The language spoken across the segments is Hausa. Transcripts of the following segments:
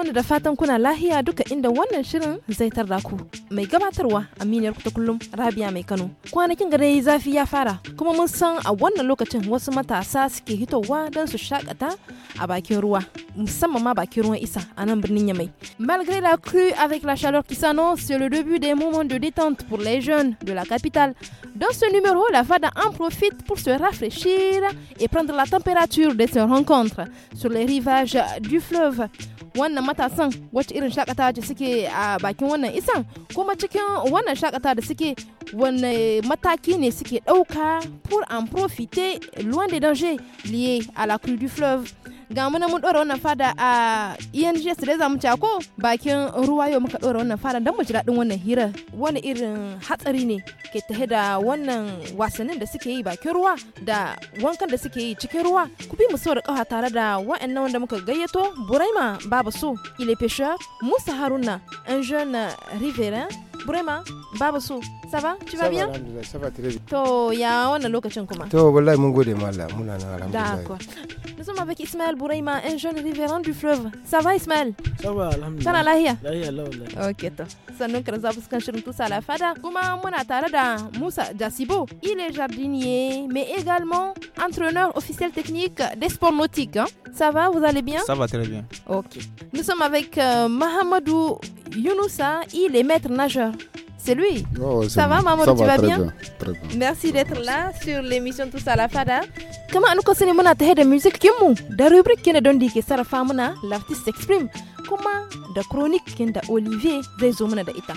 wani da fatan kuna lahiya duka inda wannan shirin zai tarda ku. Mai gabatarwa aminiyar ku ta kullum Rabia Mai Kano. Kwanakin gare zafi ya fara kuma mun san a wannan lokacin wasu matasa suke hitowa don su shakata a bakin ruwa. Musamman ma bakin ruwan isa a nan birnin Yamai. Malgré la crue avec la chaleur qui s'annonce, c'est le début des moments de détente pour les jeunes de la capitale. Dans ce numéro, la FADA en profite pour se rafraîchir et prendre la température de ces rencontres sur les rivages du fleuve. Wannan matasan wacce irin shakatawa ce suke a bakin wannan isan kuma cikin wannan shakatawa da suke wanne mataki ne suke dauka pour en profiter loin des dangers liés à la crue du fleuve ga muna mun ɗora wannan fada a e za mu ci ko bakin ruwa yau muka dora wannan fada dan mu ji daɗin wannan hira wani irin hatsari ne ke tahe da wannan wasannin da suke yi bakin ruwa da wankan da suke yi cikin ruwa ku bi mu so da kawa tare da wa'annan wanda muka gayyato Buraima babu So, Ile Pêcheur, musa Haruna, un rivera. Burema, Babasu, ça va Tu vas bien Ça va très bien. To, ya a lokacin kuma. To, wallahi mun gode ma muna na D'accord. Nous sommes avec Ismaël Bureima, un jeune riverain du fleuve. Ça va Ismaël Ça va, alhamdulillah. Kana lahiya? Lahiya wallahi. OK to. ça ka kan shirin à la fada. Kuma muna tare da Moussa Jassibo. Il est jardinier, mais également entraîneur officiel technique des sports nautiques. Hein. Ça va, vous allez bien Ça va très bien. OK. Nous sommes avec euh, Mahamadou Younoussa, il est maître nageur. Cooper. C'est lui. Oh, ouais, ça va, maman, ça tu va vas bien? bien, très bien. Merci d'être là sur l'émission Tous à la Fada. Comment nous conseillons mona ta de musique qui est La rubrique qui ne donne que Sarah Famuna, l'artiste s'exprime. Comment la chronique qui est Olivier des hommes da ita?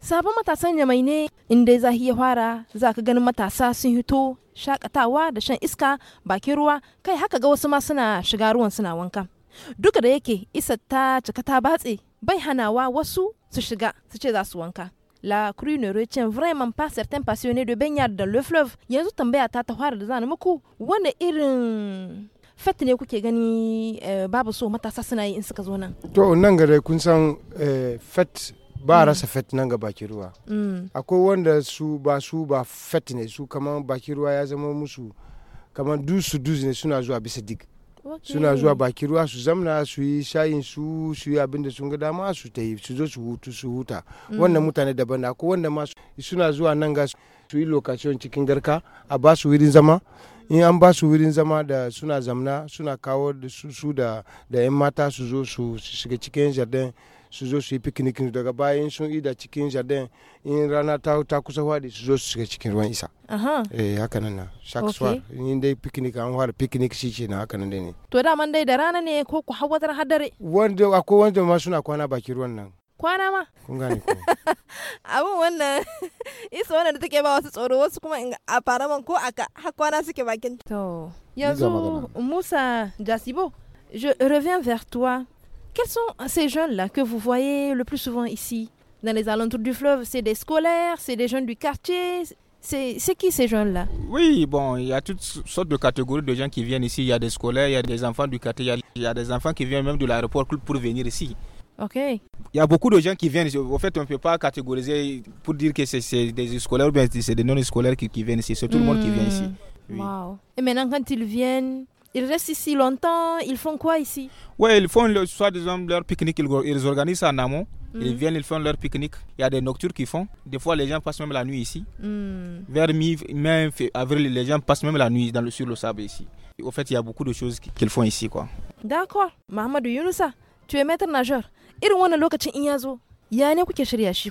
Sabon matasan yamai ne inda za iya fara za ka ganin matasa sun hito shakatawa da shan iska bakin ruwa kai haka ga wasu ma suna shiga ruwan suna wanka. Duka da yake isa ta cika ta batse bai hanawa wasu su shiga su ce za su wanka. La crue ne vraiment pas certain passionné de baignade dans le fleuve. Yanzu tambaya ta ta fara da zan muku wanda irin fet ne kuke gani eh, babu so matasa suna yi in suka zo nan. To nan dai kun san eh, fet ba mm. rasa fet nan ga baki ruwa. Mm. Akwai wanda su ba su ba fet ne su kamar baki ruwa ya zama musu kaman dusu dusu ne suna zuwa bisa dig. suna zuwa baki ruwa su zamna su yi shayin su su yi abin da sun ga dama su ta yi su zo su hutu su huta mm. wannan mutane daban da ko wanda ma suna zuwa nan ga su yi lokacin cikin garka a ba su wurin zama in an ba su wurin zama da suna zamna suna kawo da su da 'yan mata su zo su shiga cikin jardin su zo su yi piknikin daga bayan sun ida cikin jardin in rana ta, ta kusa wadi su zo su shiga cikin ruwan isa eh haka nan na chaque soir in dai picnic an fara picnic shi ce na haka nan dai ne to da man dai da rana ne ko ku hawatar hadare wanda akwai wanda ma suna kwana baki ruwan nan kwana ma kun gane ko abin wannan isa wannan da take ba wasu tsoro wasu kuma a man ko aka har kwana suke bakin to yanzu musa jasibo je reviens vers toi Quels sont ces jeunes-là que vous voyez le plus souvent ici, dans les alentours du fleuve C'est des scolaires, c'est des jeunes du quartier c'est qui ces jeunes-là Oui, bon, il y a toutes sortes de catégories de gens qui viennent ici. Il y a des scolaires, il y a des enfants du quartier, il y a des enfants qui viennent même de l'aéroport pour venir ici. Ok. Il y a beaucoup de gens qui viennent. En fait, on ne peut pas catégoriser pour dire que c'est des scolaires ou bien c'est des non-scolaires qui, viennent ici. C'est tout le monde qui vient ici. Hmm. Et maintenant, quand ils viennent, ils restent ici longtemps. Ils font quoi ici Oui, ils font leur pique-nique. Ils, ils, organisent en amont. Mm. Ils viennent, ils font leur pique-nique. Il y a des noctures qu'ils font. Des fois, les gens passent même la nuit ici. Mm. Vers mi-mai, avril, les gens passent même la nuit dans le, sur le sable ici. Et au fait, il y a beaucoup de choses qu'ils font ici. quoi. D'accord. Mahamadou Yunusa, tu es maître nageur.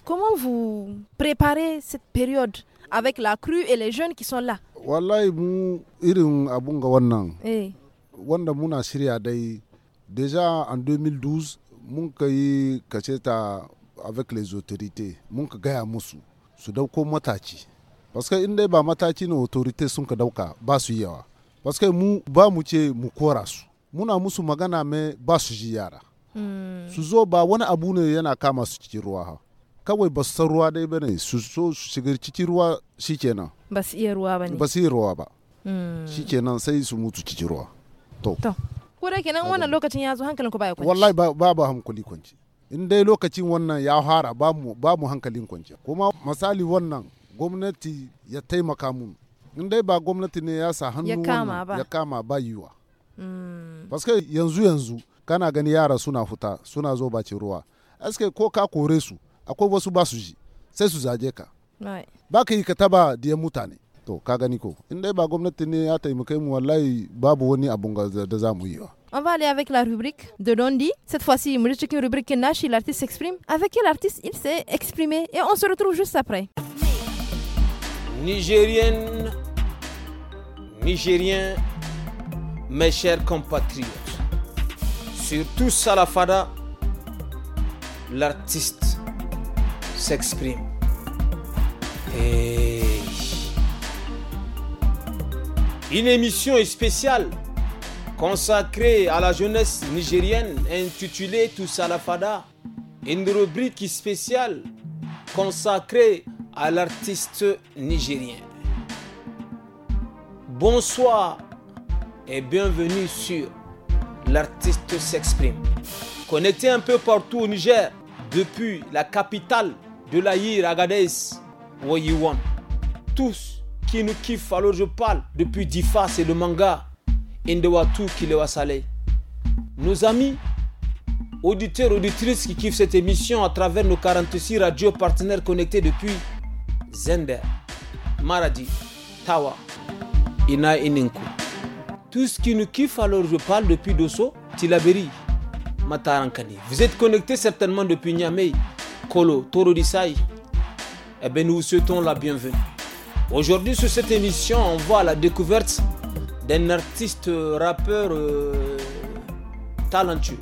Comment vous préparez cette période avec la crue et les jeunes qui sont là wallahi mu irin abun ga wannan eh. wanda muna shirya dai déjà en 2012 mun ka yi kaceta avec les autorités mun ka gaya musu su dauko mataci parce que in dai ba mataki ne autorités sun ka dauka ba su yawa parce que mu ba mu ce mu kora su muna musu magana mai ba su ji yara hmm. su zo ba wani abu ne yana kama su cikin ruwa kawai ba san ruwa dai bane su so su shiga cikin ruwa shikenan ba su iya ruwa bane ba su iya ruwa ba hmm. shikenan sai su mutu cikin ruwa to ko da kenan wannan lokacin ya zo hankalin ku baya kwanci wallahi ba ba hankali kwanci in dai lokacin wannan ya fara ba mu ba mu hankalin kwanci kuma misali wannan gwamnati ya taimaka mun in dai ba gwamnati ne ya sa hannu ya kama ba yiwa hmm. paske yanzu yanzu kana gani yara suna fita suna zo bacin ruwa aske ko ka kore su to On va aller avec la rubrique de Londi. Cette fois-ci, rubrique rubrique Nash, l'artiste s'exprime. Avec quel artiste il s'est exprimé Et on se retrouve juste après. Nigérienne, Nigérien, mes chers compatriotes, surtout Salafada, l'artiste s'exprime. Et... Une émission spéciale consacrée à la jeunesse nigérienne intitulée Tous Fada. Une rubrique spéciale consacrée à l'artiste nigérien. Bonsoir et bienvenue sur L'artiste s'exprime. Connecté un peu partout au Niger, depuis la capitale de l'Aïr, Agadez, Woyiwan. Tous qui nous kiffent, alors je parle depuis Difa, et le manga. Indewatu Kilewasale. Nos amis, auditeurs, auditrices qui kiffent cette émission à travers nos 46 radios partenaires connectés depuis Zender, Maradi, Tawa, Ina Ininku. Tous qui nous kiffent, alors je parle depuis Dosso, Tilaberi, Matarankani. Vous êtes connectés certainement depuis Niamey, Kolo Torodisai, eh bien, nous vous souhaitons la bienvenue. Aujourd'hui, sur cette émission, on voit la découverte d'un artiste euh, rappeur euh, talentueux.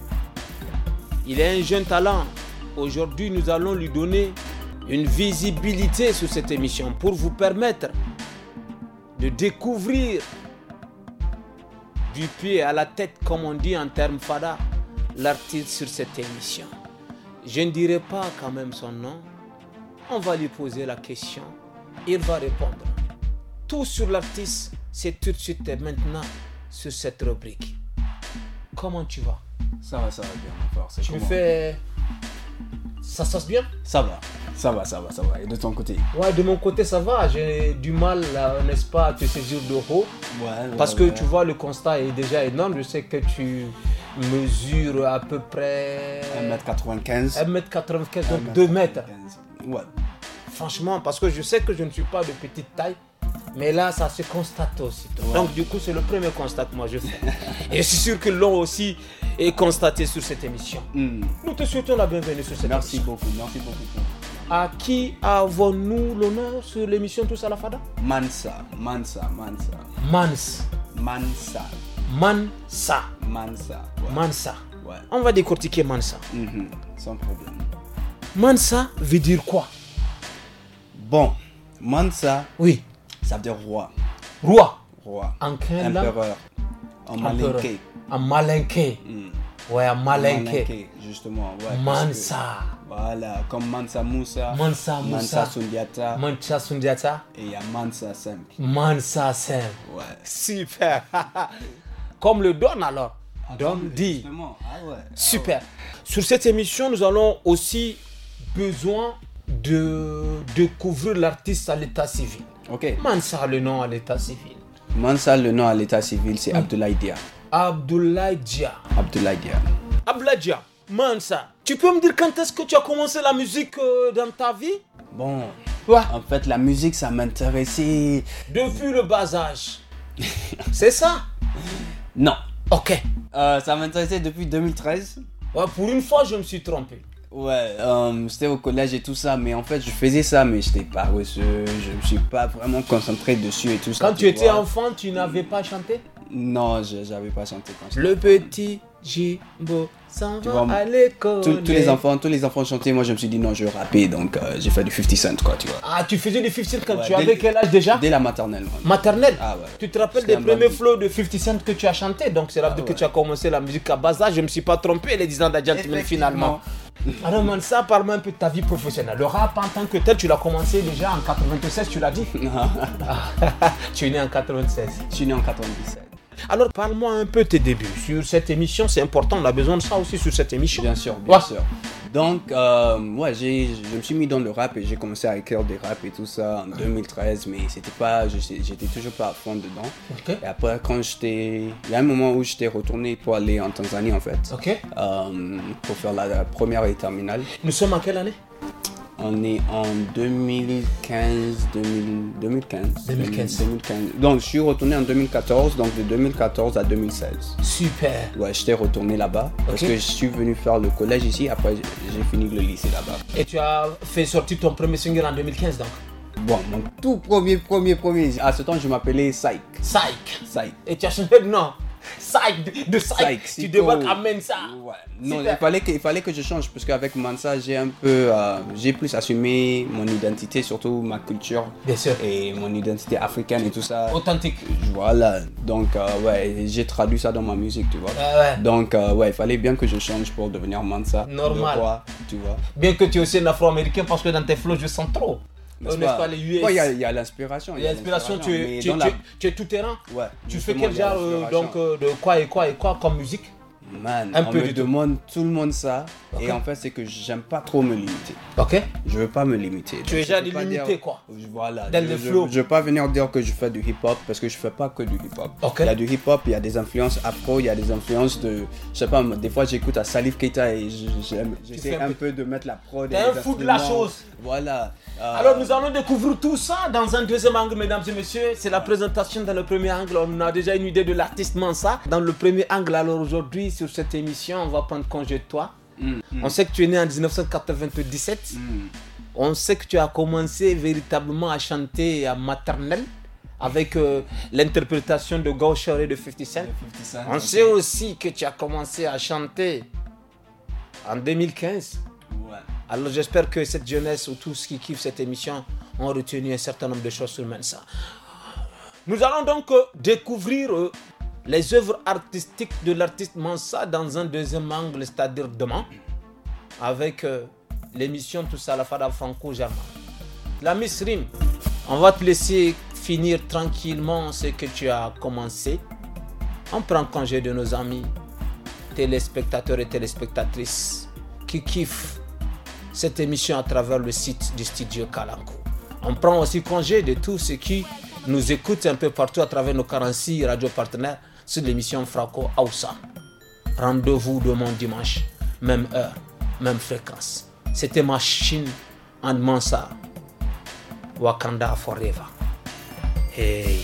Il est un jeune talent. Aujourd'hui, nous allons lui donner une visibilité sur cette émission pour vous permettre de découvrir du pied à la tête, comme on dit en termes fada, l'artiste sur cette émission. Je ne dirai pas quand même son nom. On va lui poser la question. Il va répondre. Tout sur l'artiste, c'est tout de suite et maintenant sur cette rubrique. Comment tu vas Ça va, ça va bien. tu comment? fais. Ça se passe bien Ça va. Ça va, ça va, ça va. Et de ton côté Ouais, de mon côté, ça va. J'ai du mal, n'est-ce pas, à te saisir de haut. Ouais, parce que tu vois, le constat est déjà énorme. Je sais que tu mesure à peu près 1m95. 1m95, donc 2 mètres. Ouais. Franchement, parce que je sais que je ne suis pas de petite taille, mais là, ça se constate aussi. Donc, du coup, c'est le premier constat que moi je fais. Et je suis sûr que l'on aussi est constaté sur cette émission. Hmm. Nous te souhaitons la bienvenue sur cette émission. Merci beaucoup, merci beaucoup. À qui avons-nous l'honneur sur l'émission Tous à la Fada Mansa, Mansa, Mansa. Mans. Mansa. Mansa. Mansa. Mansa. On va décortiquer Mansa. Mm-hmm. Sans problème. Mansa veut dire quoi Bon, Mansa. Oui. Ça veut dire roi. Roi. Roi. En quel Empereur. En malinqué. En malinqué. Mm. Ouais, en malinqué. Justement. Mansa. voilà, comme Mansa Moussa. Mansa Moussa. Mansa Sundiata. Mansa Sundiata. Et il y a Mansa Sem Mansa Sem Ouais. Super. comme le donne alors. Ah, dit. Ah, ah, Super. Sur cette émission, nous allons aussi besoin de découvrir l'artiste à l'état civil. Ok. Mansa le nom à l'état civil. Mansa le nom à l'état civil, c'est Abdoulaydia. Mm. Abdoulaye Dia. Abdoulaye Dia. Abdoulaye Dia. Dia. Mansa, tu peux me dire quand est-ce que tu as commencé la musique euh, dans ta vie Bon, en fait, la musique, ça m'intéressait. Depuis le bas âge. c'est ça Non. Ok. Euh, ça m'intéressait depuis 2013. Ouais, pour une fois, je me suis trompé. Ouais, euh, c'était au collège et tout ça, mais en fait, je faisais ça, mais j'étais reçu. je me suis pas vraiment concentré dessus et tout ça. Quand tu, étais enfant, tu n'avais pas chanté Non, j'avais pas chanté quand Le petit Jibo s'en va à l'école. Tous, les enfants, tous les enfants chantaient. Moi, je me suis dit non, je vais rapper, donc euh, j'ai fait du 50 Cent, quoi, tu vois. Ah, tu faisais du 50 Cent quand tu avais quel âge déjà Dès la maternelle. Maternelle. Ah ouais. Tu te rappelles des premiers flows de 50 Cent que tu as chanté Donc c'est là ah, que tu as commencé la musique à bas Je Je me suis pas trompé les 10 ans mais finalement. Alors, ça parle un peu de ta vie professionnelle. Le rap en tant que tel, tu l'as commencé déjà en 96, tu l'as dit Non. Ah, tu es né en 96. Tu suis né en 97. Alors parle-moi un peu tes débuts sur cette émission, c'est important, on a besoin de ça aussi sur cette émission. Bien sûr, bien sûr. Donc, moi euh, je me suis mis dans le rap et j'ai commencé à écrire des raps et tout ça en 2013, mais c'était pas, j'étais toujours pas à fond dedans. Et après, quand j'étais, il y a un moment où j'étais retourné pour aller en Tanzanie en fait, okay. Euh, pour faire la, première et terminale. Nous sommes en quelle année on est en 2015, 2015, Donc, je suis retourné en 2014, donc de 2014 à 2016. Super. Ouais, j'étais retourné là-bas parce que je suis venu faire le collège ici. Après, j'ai fini le lycée là-bas. Et tu as fait sortir ton premier single en 2015, donc Bon, mon tout premier, premier, premier. À ce temps, je m'appelais Psych. Psych. Psych. Et tu as changé de nom Side de psych, tu débarques, amène ça. Non, il fallait, que, fallait que je change, parce qu'avec Mansa, j'ai un peu, euh, j'ai plus assumé mon identité, surtout ma culture. Bien sûr. Et mon identité africaine et tout ça. Authentique. Voilà. Donc, euh, ouais, j'ai traduit ça dans ma musique, tu vois. Ah Donc, euh, ouais, il fallait bien que je change pour devenir Mansa. Normal. tu vois. Bien que tu es aussi un afro-américain, parce que dans tes flows, je sens trop. Il y, a, l'inspiration. l'inspiration, tu, es tout terrain. tu fais quel genre euh, donc, euh, de quoi et quoi et quoi comme musique Man, un on peu me demande tout. le monde ça. Et en fait, c'est que j'aime pas trop me limiter. Ok. Je veux pas me limiter. Tu es déjà limité quoi. Voilà. je, veux pas venir dire que je fais du hip hop parce que je fais pas que du hip hop. Il y a du hip hop, il y a des influences afro, il y a des influences de, je sais pas, des fois j'écoute à Salif Keita et j'essaie un peu de mettre la prod. T'es un fou de la chose. Voilà. Euh, alors nous allons découvrir tout ça dans un deuxième angle, mesdames et messieurs. C'est la présentation dans le premier angle. On a déjà une idée de l'artiste Mansa. Dans le premier angle, alors aujourd'hui, cette émission, on va prendre congé de toi. Mm, mm. On sait que tu es né en 1997. Mm. On sait que tu as commencé véritablement à chanter à maternelle avec euh, l'interprétation de Gauche et de 57 on sait aussi que tu as commencé à chanter en 2015. Alors j'espère que cette jeunesse ou tous qui kiffent cette émission ont retenu un certain nombre de choses sur Mensa. Nous allons donc euh, découvrir euh, les œuvres artistiques de l'artiste Mansa dans un deuxième angle, c'est-à-dire demain, avec euh, l'émission tout à la Fada franco germain La Miss Rim, on va te laisser finir tranquillement ce que tu as commencé. On prend congé de nos amis téléspectateurs et téléspectatrices qui kiffent cette émission à travers le site du studio Kalanko. On prend aussi congé de tous ceux qui nous écoutent un peu partout à travers nos 46 radios partenaires sur l'émission Franco Aoussa. Rendez-vous demain dimanche, même heure, même fréquence. C'était Machine and Mansa. Wakanda Forever. Hey.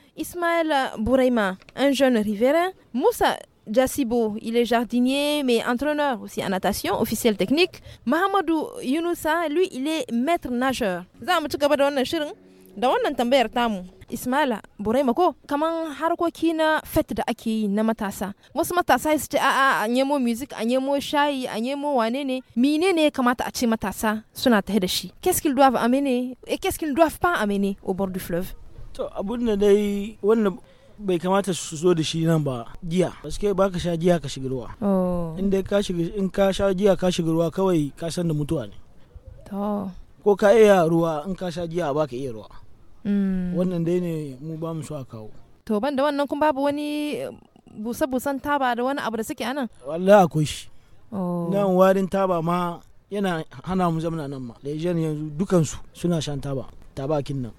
Ismaël Bouraima, un jeune riverain, Moussa Jassibo, il est jardinier mais entraîneur aussi en natation, officiel technique. Mahamadou Yunusa, lui, il est maître nageur. da wannan tambayar tamu ismaila burai mako kaman harkoki na fet da ake yi na matasa wasu matasa su ce a'a a ah, ah, nemo music a nemo shayi a nemo wane ne ne ya kamata a ce matasa suna tahe da shi qu'est-ce qu'ils doivent amener et qu'est-ce qu'ils ne doivent pas amener au bord du fleuve to abun da dai wannan bai kamata su zo da shi nan ba giya gaske ba ka sha giya ka shiga ruwa oh. in dai ka shiga in ka sha giya ka shiga ruwa kawai ka san da mutuwa ne ko ka iya ruwa in ka sha giya ba ka iya ruwa mm. wannan dai ne mu ba mu a kawo to ban da wannan kun babu wani eh, busa-busan taba da wani abu da suke anan wallahi akwai shi oh. nan warin taba ma yana hana mu zamana nan ma da yanzu dukansu suna shan taba tabakin nan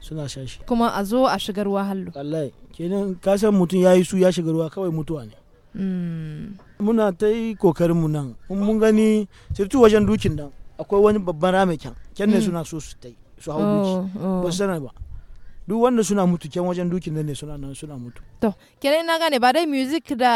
suna shan shi kuma a zo a shiga ruwa hallo wallahi kenan ka san mutum ya yi su ya shiga ruwa kawai mutuwa ne mm. muna ta yi kokarin mu nan mun gani sirtu wajen dukin nan akwai wani babban rami kyan kyan ne mm. suna so su tai su hau duki oh, oh. ba su sanar ba duk wanda suna mutu kyan wajen dukin nan ne suna nan suna mutu to kenan na gane ba dai music da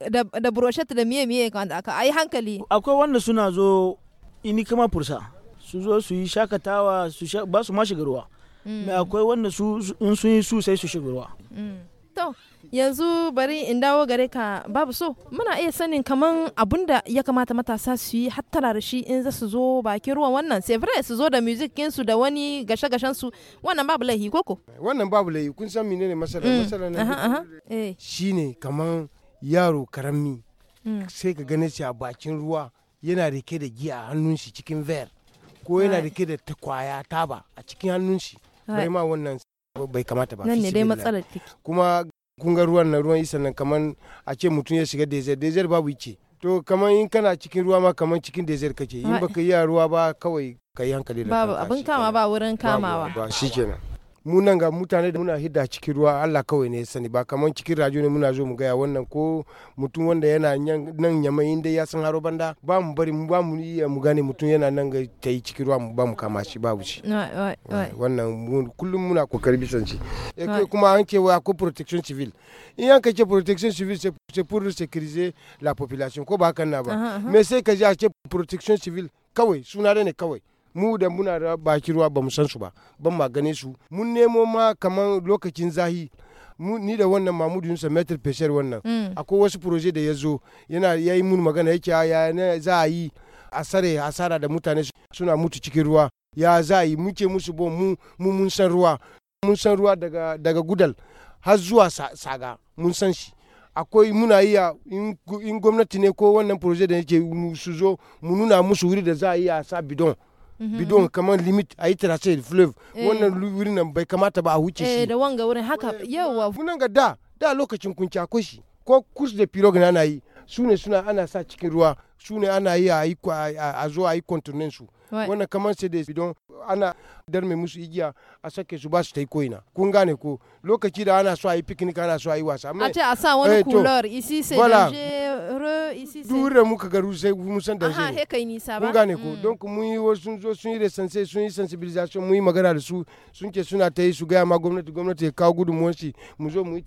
da da da miye miye kan da aka ai hankali akwai wanda suna zo ini kama fursa su zo su yi shakatawa su ba su ma shiga ruwa mm. akwai wanda su in sun yi su sai su shiga ruwa mm. to yanzu bari in dawo gare ka babu so muna iya sanin kaman abun da ya kamata matasa su yi hattara da shi in za su zo bakin ruwan wannan sevre su zo da music su da wani gashe gashen su wannan babu laihi koko wannan babu laihi kun san menene masala mm. masala na eh. shine kaman yaro karami sai ka gane shi a bakin ruwa yana rike da giya a hannun shi cikin ver ko yana rike da ta kwaya a cikin hannun shi bai ma wannan bai kamata ba nan ne dai matsalar take kuma kun ga ruwan na ruwan isa nan kaman a ce mutum ya shiga desert desert babu ice to kaman in kana cikin ruwa ma kaman cikin desert kake in baka yi ruwa ba kawai kai hankali da babu abin kama ba wurin kamawa shikenan mu nan ga mutane da muna hidda cikin ruwa Allah kawai ne sani ba kamar cikin rajo ne muna zo mu gaya wannan ko mutum wanda yana nan yamai inda ya san haro banda ba mu bari ba mu iya mu gane mutum yana nan ga ta yi cikin ruwa ba mu kama shi babu shi wannan kullum muna kokari bisan shi kuma an ce wa ko protection civil in yanka ce protection civil c'est pour sécuriser la population ko ba hakan na ba mais sai ka je a ce protection civil kawai suna ne kawai mu da muna da baki ruwa ba san su ba ban ma gane su mun nemo ma kamar lokacin zahi ni da wannan mahmudu yunusa metal pesher wannan mm. akwai wasu proje da ya zo yana ya yi mun magana yake ya ah, za a yi asare asara da mutane suna mutu cikin ruwa ya za a yi muke musu bo mu mun san ruwa mun san ruwa daga gudal har zuwa saga mun san shi akwai muna iya in gwamnati ne ko wannan proje da yake su zo mu nuna musu wuri da za a yi a sa bidon Mhm. bidon kamar limit a yi trace fleuve eh. wannan wurin nan bai kamata ba a wuce eh, shi da wanga wurin haka eh, yawa funan ga da da lokacin kunci akwai shi ko kurs da pirog na yi su ne suna ana sa cikin ruwa su ne ana yi a zo a yi kontinen su wannan kamar sai da bidon ana darme musu igiya a sake su ba su ta yi koina kun gane ko lokaci da ana so a yi picnic ana so a yi wasa a ce a sa wani eh, couleur ici c'est dangereux ici sai dure muka garu sai mu san da shi he nisa ba kun gane ko mm. donc mun yi wasu zo sun yi resense sun yi sensibilisation mun yi magana da su sun ce suna ta yi su gaya ma gwamnati gwamnati ya kawo gudunmuwan mu zo mu yi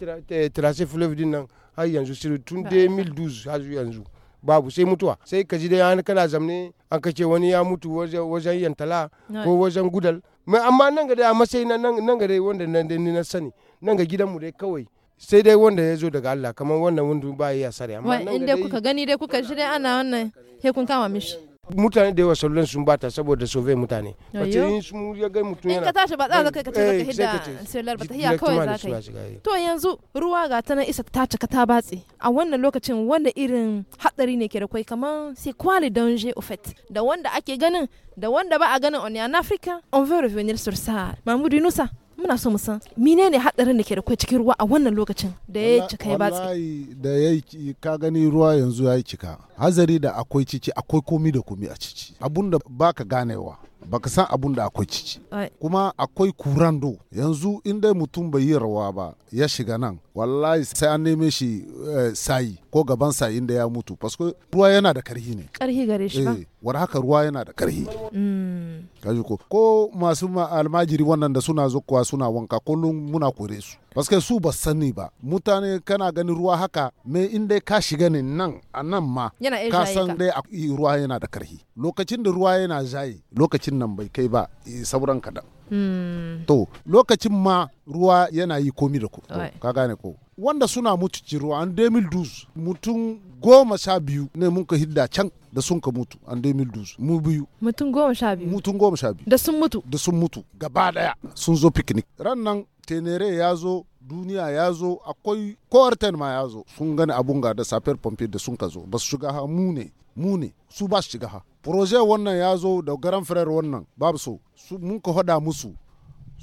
tracer fleuve din nan har yanzu tun 2012 har yanzu babu sai mutuwa sai ka ji dai kana zamne an kace wani ya mutu wajen yantala ko wajen gudal mai amma nan ga dai a matsayi nan ga dai wanda ni na sani nan ga gidanmu dai kawai sai dai wanda ya zo daga Allah kamar wannan wundu ba ya sare amma dai kuka gani dai kuka ji dai ana wannan he kun kama mishi mutane da yawa sauran sun bata saboda sove mutane wace in sun ya ga mutum yana in ka tashi ba za ka kai ka ce eh, ka hidda sallar bata hiya kawai za ka yi to yanzu ruwa ga ta nan isa ta cika ta batse a wannan lokacin wanda irin hadari ne ke da kai kamar sai kwali danger au fait da wanda ake ganin da wanda ba a ganin on en Africa on veut revenir sur ça mamudu nusa muna so mu san ne hadarin da ke da kwai cikin ruwa a wannan lokacin da ya cika ya batse da ya ka gani ruwa yanzu ya yi cika hazari da akwai cici akwai komi da komi a cici abun da baka ganewa baka san abun da akwai ciki kuma akwai kurando yanzu inda mutum bai yi rawa ba ya shiga nan wallahi sai an neme shi eh, sayi ko gaban sayi da ya mutu paske ruwa yana da karhi ne karhi gare shi ba eh, war haka ruwa yana da karhi mm. kaji ko ko masu almajiri wannan da suna zokuwa suna wanka kullum muna kore su paske su ba sani ba mutane kana gani ruwa haka me in ka shiga ne nan a nan ma ka san dai ruwa yana da karhi lokacin da ruwa yana zai lokacin nan bai kai ba sauran kaɗan. Hmm. To lokacin ma ruwa yana yi komi da ko ka gane ko. Wanda suna mutu ci ruwa an 2012 mutum goma sha biyu ne mun ka hidda can da sun ka mutu an 2012 mu biyu. Mutum goma sha biyu. Mutum goma sha biyu. Da sun mutu. Da sun mutu gaba daya sun zo picnic. Ran nan tenere ya zo duniya ya zo akwai kowarten ma ya zo sun gani abun ga da safiyar pompe da sun ka zo ba su shiga ha mu ne mu su ba su shiga ha proje wannan ya zo da garan firar wannan babu so mun ka hada musu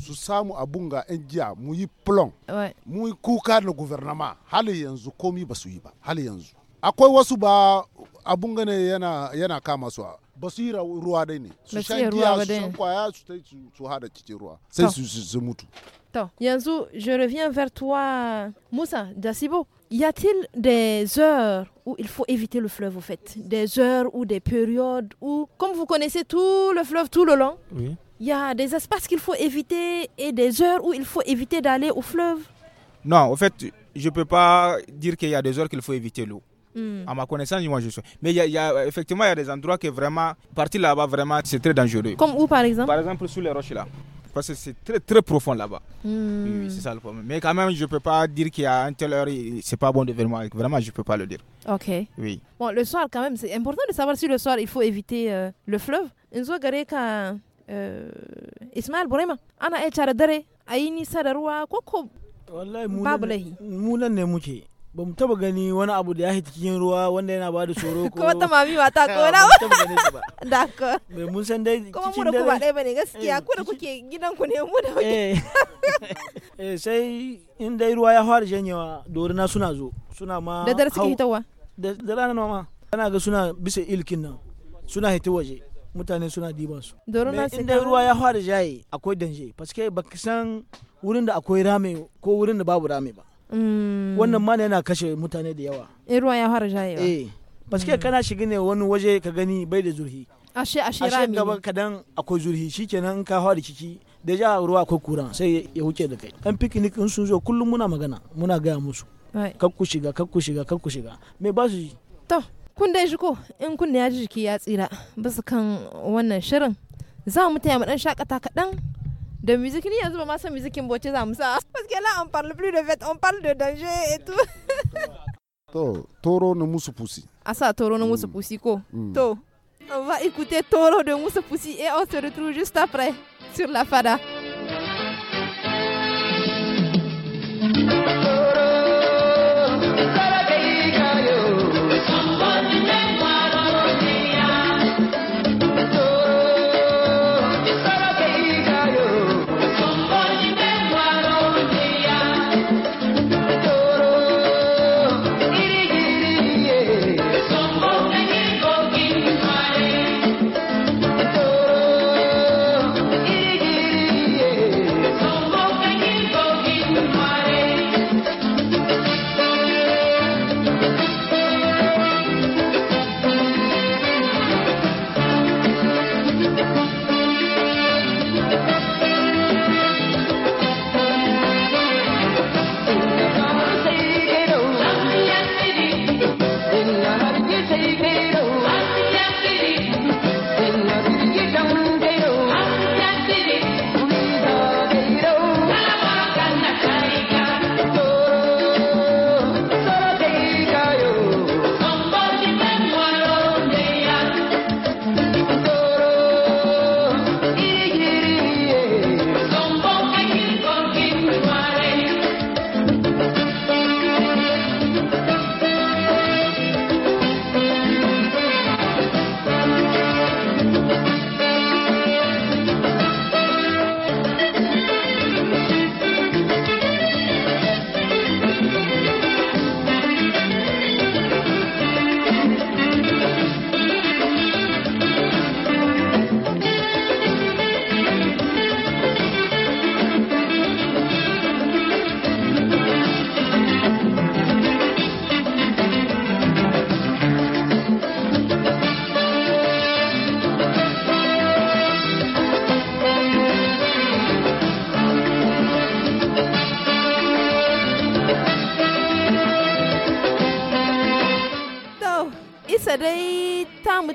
su samu abun ga yan giya mu yi plon mu yi kuka da guvernama hali yanzu komi ba su yi ba hali yanzu akwai wasu ba abun gane yana kama su je reviens vers toi Moussa Jassibo, y a-t-il des heures où il faut éviter le fleuve au fait des heures ou des périodes où comme vous connaissez tout le fleuve tout le long il y a des espaces qu'il faut éviter et des heures où il faut éviter d'aller au fleuve Non, en fait, je ne peux pas dire qu'il y a des heures qu'il faut éviter l'eau. Mm. À ma connaissance, moi je suis. Mais il y, a, euh, effectivement, il y a des endroits qui vraiment, partir là-bas, vraiment, c'est très dangereux. Comme où par exemple Par exemple, sous les roches là. Parce que c'est très très profond là-bas. Mm. Oui, c'est ça le problème. Mais quand même, je ne peux pas dire qu'il y a un tel heure, c'est pas bon de venir. Vraiment, je ne peux pas le dire. Ok. Oui. Bon, le soir quand même, c'est important de savoir si le soir, il faut éviter euh, le fleuve. Une euh, e fois ba mu taba gani wani abu da ya hita cikin ruwa wanda yana ba da tsoro ko wata mami mata ko na ba da ko mai mun san dai kuma mu da ku ba ɗaya ne gaskiya eh, ko da kuke gidan ku ne mu da kuke eh. eh sai in dai ruwa ya fara janyewa dorina suna zo suna ma da dare suke hitawa da rana ma ana ga suna bisa ilkin nan suna hita waje mutane suna diban su dorina in dai ruwa ya fara jaye akwai danje paske baka san wurin da akwai rame ko wurin da babu rame ba Mm. wannan ma yana kashe mutane da yawa in eh, ruwa ya fara jayewa eh baske mm. kana shiga ne wani waje ka gani bai da zurhi ashe ashe rami ashe gaba kadan akwai zurhi shikenan ka ka da ciki da ja ruwa akwai kuran sai ya wuce da kai an picnic in sun zo kullum muna magana muna gaya musu kar ku shiga kar ku shiga kar ku shiga me ba su to kun dai shi ko in kun ya ji jiki ya tsira bisa kan wannan shirin za mu taya mu dan shakata kaɗan de musique. Il y a ce moment, c'est musique qui me comme ça. Parce que là, on parle plus de fête, on parle de danger et tout. Toro no poussi Ah ça, Toro no poussi mm. quoi. Mm. To. On va écouter Toro de Poussi et on se retrouve juste après sur la Fada.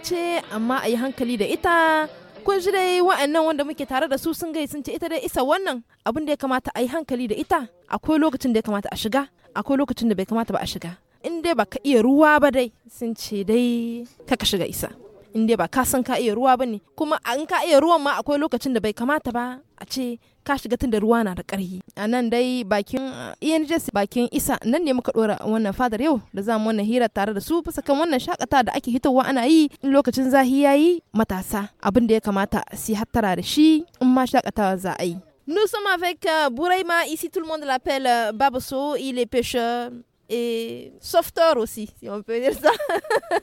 ce amma a yi hankali da ita kun ji dai wa'annan wanda muke tare da su sun gai sun ce ita dai isa wannan abin da ya kamata a yi hankali da ita akwai lokacin da ya kamata a shiga akwai lokacin da bai kamata ba a shiga in dai ba ka iya ruwa ba dai sun ce dai ka shiga isa in dai ba ka san ka iya ruwa ba ne kuma in ka iya ruwan ma akwai lokacin da bai kamata ba a ce ka shiga tun da ruwa na da ƙarhi a nan dai bakin uh, engs bakin isa nan ne muka dora wannan fadar yau da zamu wannan hira tare da su bisa kan wannan shakata da ake hitowa ana yi lokacin zahi yayi matasa abin da ya kamata si hattara da shi in ma shakatawa za a yi Nous sommes avec uh, Bouraima, ici tout le monde l'appelle uh, Baboso, il est pêcheur, et sauveteur aussi, si on peut dire ça.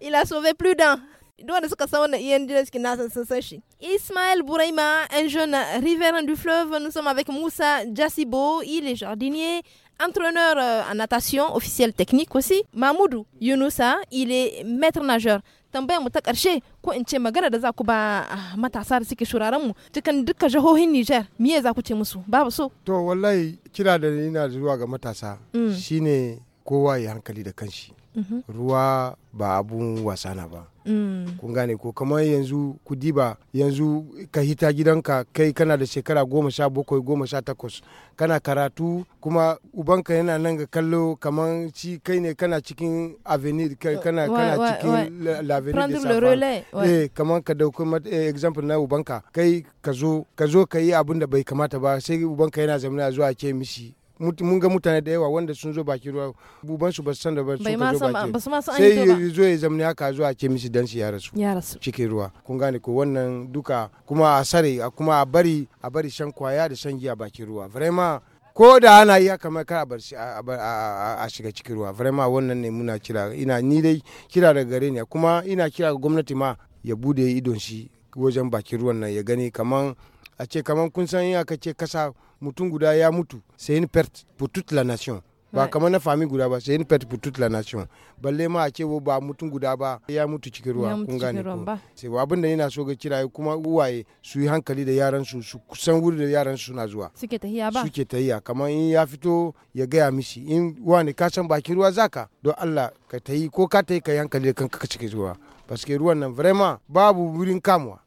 il a sauvé plus d'un dole suka sauna ING cikin nasan sun san shi. Ismaël Bouraima, un jeune riverain du fleuve, nous sommes avec Moussa Jassibo, il est jardinier, entraîneur euh, en natation, officiel technique aussi. Mamoudou Yunusa, il est maître nageur. tambayar mu ta ko in ce magana da za ku ba ah, matasa da suke shuraren mu cikin duka jihohin Niger miye za ku ce musu babu so to wallahi kira da ni na zuwa ga matasa mm. shine kowa ya hankali da kanshi Mhm. ruwa ba abun wasana ba mm. kun gane ko kamar yanzu ku diba yanzu ka hita gidanka kai kana da shekara goma sha bakwai goma sha takwas kana karatu kuma ubanka yana nan ga kallo kamar ci kai ne kana cikin avenir kana kana cikin l'avenir de safa eh kamar ka dauko eh, example na ubanka kai ka zo ka zo ka yi abin da bai kamata ba sai ubanka yana zamana zuwa ke mishi mun ga mutane da yawa wanda sun zo baki ruwa buban su ba san da ba su zo baki sai ya zo ya zamani haka zo a ce mishi dan ya rasu cikin ruwa kun gane ko wannan duka kuma a sare kuma a bari a bari shan kwaya da shan giya baki ruwa vraiment ko da ana iya kamar kar a bar a shiga cikin ruwa vraiment wannan ne muna kira ina ni dai kira daga gare ni kuma ina kira ga gwamnati ma ya bude idon shi wajen bakin ruwan nan ya gani kamar a ce kamar kun san ya ce kasa mutum guda ya mutu c'est une perte pour toute la nation ba kamar na fami guda ba c'est une perte pour toute la nation balle ma a ce ba mutum guda ba ya mutu cikin ruwa kun gane ko sai wa abin da yana so ga kiraye kuma uwaye su yi hankali da yaran su su kusan wuri da yaran su na zuwa suke tahiya ba suke tahiya kamar in ya fito ya gaya mishi in wani ka san bakin ruwa zaka don Allah ka tayi ko ka tayi ka yi hankali da kanka ka cike zuwa parce que Rouen, vraiment, Babu Burinkamwa.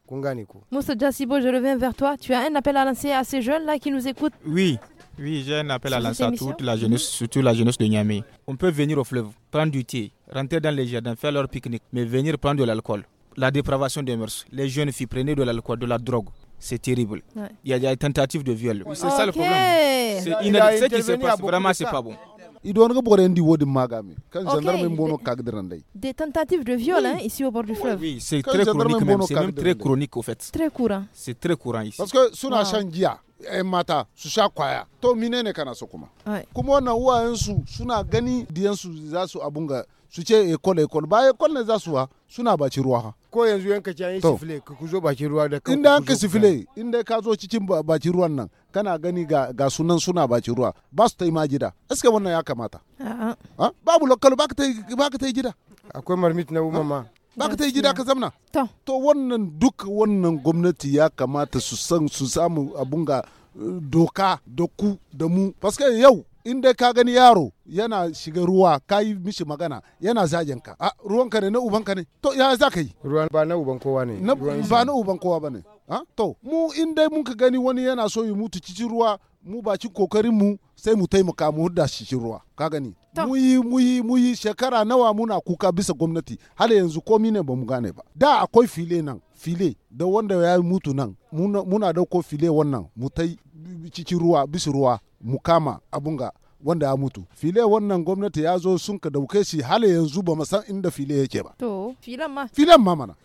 Moussa Jassibo, je reviens vers toi. Tu as un appel à lancer à ces jeunes-là qui nous écoutent Oui, oui, j'ai un appel à lancer à toute la jeunesse, surtout la jeunesse de Niamey. On peut venir au fleuve, prendre du thé, rentrer dans les jardins, faire leur pique-nique, mais venir prendre de l'alcool. La dépravation des mœurs. Les jeunes filles prenaient de l'alcool, de la drogue. C'est terrible. Il, y a, des tentatives de viol. C'est ça le problème. C'est ce qui se passe, vraiment, c'est pas bon magami. Des tentatives de viol hein, ici au bord du fleuve. Oui, c'est très chronique même. C'est même très chronique au fait. Très courant. C'est très courant ici. Parce que suna shan changia, ‘yan mata su sha kwaya to mine ne kana so kuma. Kuma wannan uwayensu suna gani diyansu za su abunga su ce ekol eh, ekol eh, ba ekol ne za su wa suna baci ruwa ko yanzu yanka ci an yi sifile ka ku zo baci ruwa da kan inda an ka sifile inda ka zo cikin baci ruwan nan kana gani ga, ga sunan suna baci ruwa ba su ta yi ma gida eske wannan ya kamata babu lokal ba ka ta yi gida akwai marmit na umar ma ba ka ta yi gida ka zamna to wannan duk wannan gwamnati ya kamata su san su samu abun ga eh, doka da ku da mu paske yau in dai ka gani yaro yana shiga ruwa ka yi mishi magana yana zagen ka a ka ne na ka ne to ya za ka yi ruwan ba na uban kowa ne ba na uban kowa ba ne to mu in dai mun ka gani wani yana so yi mutu cikin ruwa mu bakin kokarin mu sai mu taimaka mu hudda shi ruwa ka gani muyi muyi muyi shekara nawa muna kuka bisa gwamnati har yanzu komi ne ba mu gane ba da akwai file nan file da wanda ya mutu nan muna, dauko file wannan mu ta cici ruwa bisa ruwa mukama ga wanda ya mutu file wannan gwamnati ya zo sun ka dauke shi hali yanzu ba san inda file yake ba to filan ma filan ma mana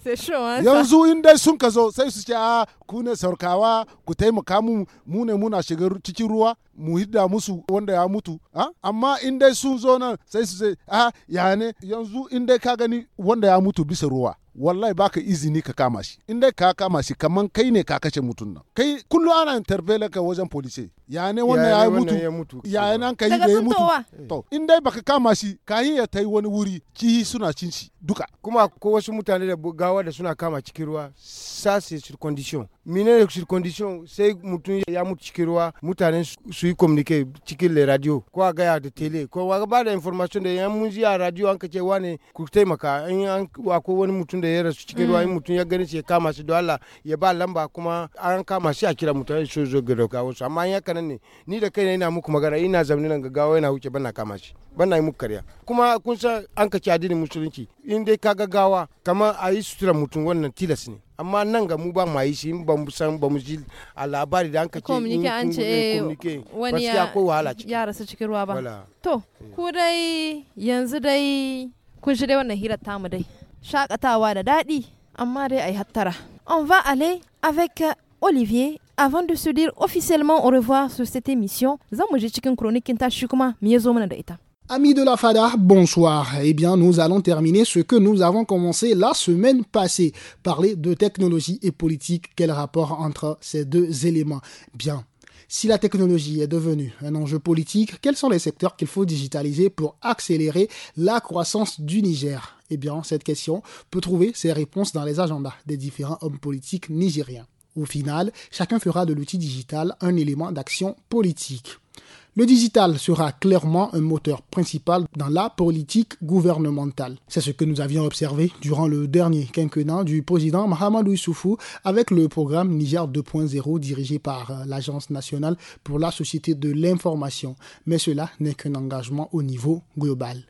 yanzu in dai sun ka zo sai su ce a ah, ku ne sarkawa ku taimaka mu mu ne muna shiga cikin ruwa mu hidda musu wanda ya mutu ha? amma in dai sun zo nan sai su ce a ah, ya ne yanzu in dai ka gani wanda ya mutu bisa ruwa wallahi baka izini ka kama shi in dai ka kama shi kaman kai ne ka kashe mutum nan kai kullum ana intervela ka wajen police ya ne wannan ya mutu mutu ya ne an kai ya mutu to in dai baka kama shi ka yi ya tai wani wuri ki suna cin shi duka kuma ko wasu mutane da gawa da suna kama cikin ruwa sa c'est sur condition ne sur condition sai mutum ya mutu cikin ruwa mutane su yi communique cikin le radio ko a gaya da tele ko wa ba da information da yan mun a radio an kace wane ku taimaka in an ko wani mutum da ya rasu cikin ruwa in mm. mutum ya gani shi ya kama shi don Allah ya ba lamba kuma an kama shi a kira mutane su zo ga gawo su amma ya kanan ne ni da kaina ina muku magana ina zamanin nan ga gawo yana huce bana kama shi bana yi muku kariya kuma kun san an kace addinin musulunci in dai kaga gawa kamar a sutura mutum wannan tilas ne amma nan ga mu ba mu yi shi in ba mu san ba mu ji a labari da an ka ce in an ce eh, eh, wani ya wahala ya rasu cikin ruwa ba to ku dai yanzu dai kun shi dai wannan hirar tamu dai shakatawa da dadi amma dai ai hattara on va aller avec Olivier avant de se dire officiellement au revoir sur cette émission zamu je cikin kronikin tashi kuma me ya zo mana da ita Amis de la Fada, bonsoir. Eh bien, nous allons terminer ce que nous avons commencé la semaine passée. Parler de technologie et politique. Quel rapport entre ces deux éléments Bien. Si la technologie est devenue un enjeu politique, quels sont les secteurs qu'il faut digitaliser pour accélérer la croissance du Niger Eh bien, cette question peut trouver ses réponses dans les agendas des différents hommes politiques nigériens. Au final, chacun fera de l'outil digital un élément d'action politique. Le digital sera clairement un moteur principal dans la politique gouvernementale. C'est ce que nous avions observé durant le dernier quinquennat du président Mohamed Soufou avec le programme Niger 2.0 dirigé par euh, l'Agence nationale pour la société de l'information. Mais cela n'est qu'un engagement au niveau global.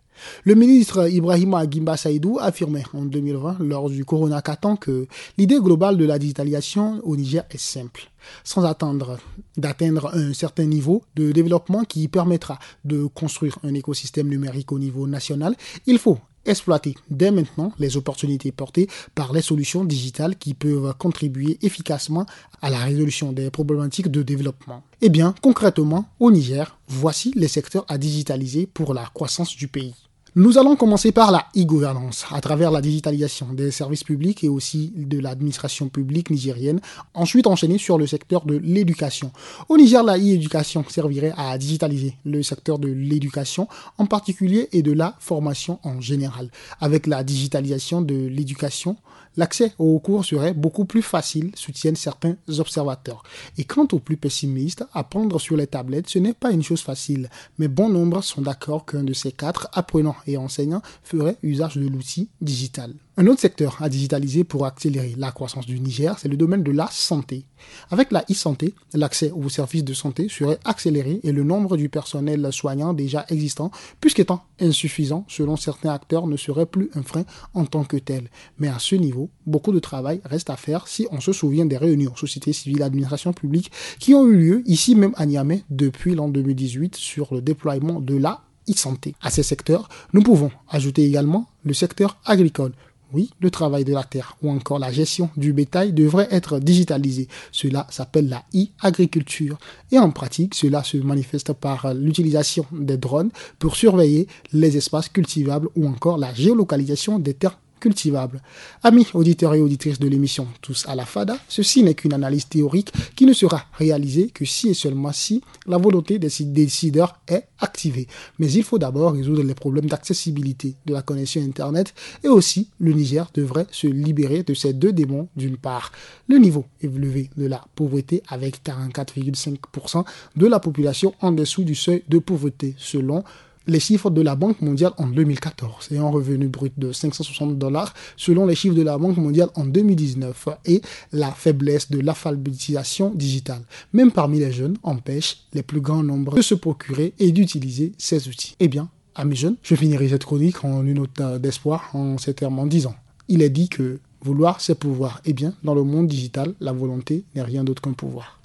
Le ministre Ibrahim Agimba Saïdou affirmait en 2020 lors du Corona Catan que l'idée globale de la digitalisation au Niger est simple. Sans attendre d'atteindre un certain niveau de développement qui permettra de construire un écosystème numérique au niveau national, il faut exploiter dès maintenant les opportunités portées par les solutions digitales qui peuvent contribuer efficacement à la résolution des problématiques de développement. Et eh bien, concrètement, au Niger, voici les secteurs à digitaliser pour la croissance du pays. Nous allons commencer par la e-gouvernance, à travers la digitalisation des services publics et aussi de l'administration publique nigérienne, ensuite enchaîner sur le secteur de l'éducation. Au Niger, la e-éducation servirait à digitaliser le secteur de l'éducation en particulier et de la formation en général. Avec la digitalisation de l'éducation, l'accès aux cours serait beaucoup plus facile, soutiennent certains observateurs. Et quant aux plus pessimistes, apprendre sur les tablettes, ce n'est pas une chose facile, mais bon nombre sont d'accord qu'un de ces quatre apprenants et enseignants feraient usage de l'outil digital. Un autre secteur à digitaliser pour accélérer la croissance du Niger, c'est le domaine de la santé. Avec la e-santé, l'accès aux services de santé serait accéléré et le nombre du personnel soignant déjà existant, puisqu'étant insuffisant selon certains acteurs, ne serait plus un frein en tant que tel. Mais à ce niveau, beaucoup de travail reste à faire si on se souvient des réunions société civile administration publique qui ont eu lieu ici même à Niamey depuis l'an 2018 sur le déploiement de la santé À ces secteurs, nous pouvons ajouter également le secteur agricole. Oui, le travail de la terre ou encore la gestion du bétail devrait être digitalisé. Cela s'appelle la e-agriculture et en pratique, cela se manifeste par l'utilisation des drones pour surveiller les espaces cultivables ou encore la géolocalisation des terres cultivables. Amis auditeurs et auditrices de l'émission Tous à la Fada, ceci n'est qu'une analyse théorique qui ne sera réalisée que si et seulement si la volonté des décideurs est activée. Mais il faut d'abord résoudre les problèmes d'accessibilité de la connexion Internet et aussi le Niger devrait se libérer de ces deux démons d'une part. Le niveau élevé de la pauvreté avec 44,5% de la population en dessous du seuil de pauvreté selon les chiffres de la Banque mondiale en 2014 et un revenu brut de 560 dollars selon les chiffres de la Banque mondiale en 2019 et la faiblesse de l'alphabétisation digitale, même parmi les jeunes, empêche les plus grands nombres de se procurer et d'utiliser ces outils. Eh bien, amis jeunes, je finirai cette chronique en une note d'espoir en ces termes en disant, il est dit que vouloir, c'est pouvoir. Eh bien, dans le monde digital, la volonté n'est rien d'autre qu'un pouvoir.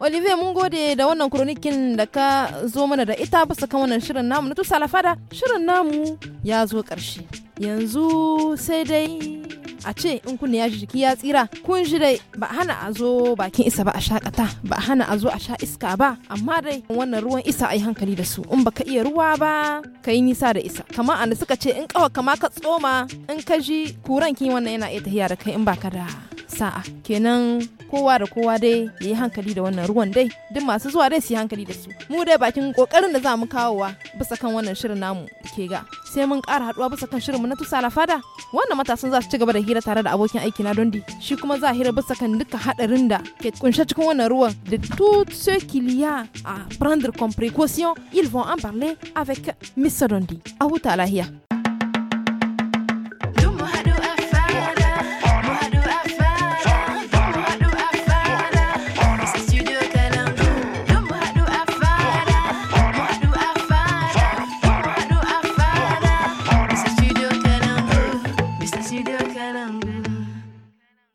olivier mun gode da wannan kronikin da ka zo mana da ita bisa kan wannan shirin namu na tusa lafada shirin namu ya zo ƙarshe yanzu sai dai a ce in kunne ya jiki ya tsira kun ji dai ba hana a zo bakin isa ba a shakata ba hana a zo a sha iska ba amma dai wannan ruwan isa a yi hankali da su in baka iya ruwa ba ka yi nisa da isa kama anda suka ce in kawa kama ka tsoma in ka ji kuran ki wannan yana iya tahiya da kai in baka da sa'a kenan kowa da kowa dai ya yi hankali da wannan ruwan dai duk masu zuwa dai su yi hankali da su mu dai bakin kokarin da za mu kawowa bisa kan wannan shirin namu ke ga sai mun ƙara haɗuwa bisa kan shirinmu na tusa fada wannan matasan za su ci gaba da hira tare da abokin aiki na dondi shi kuma za hira bisa kan duka haɗarin da ke kunshe cikin wannan ruwan da tout ce qu'il y a à prendre comme précaution ils vont en parler avec Mr. Dondi a huta lahiya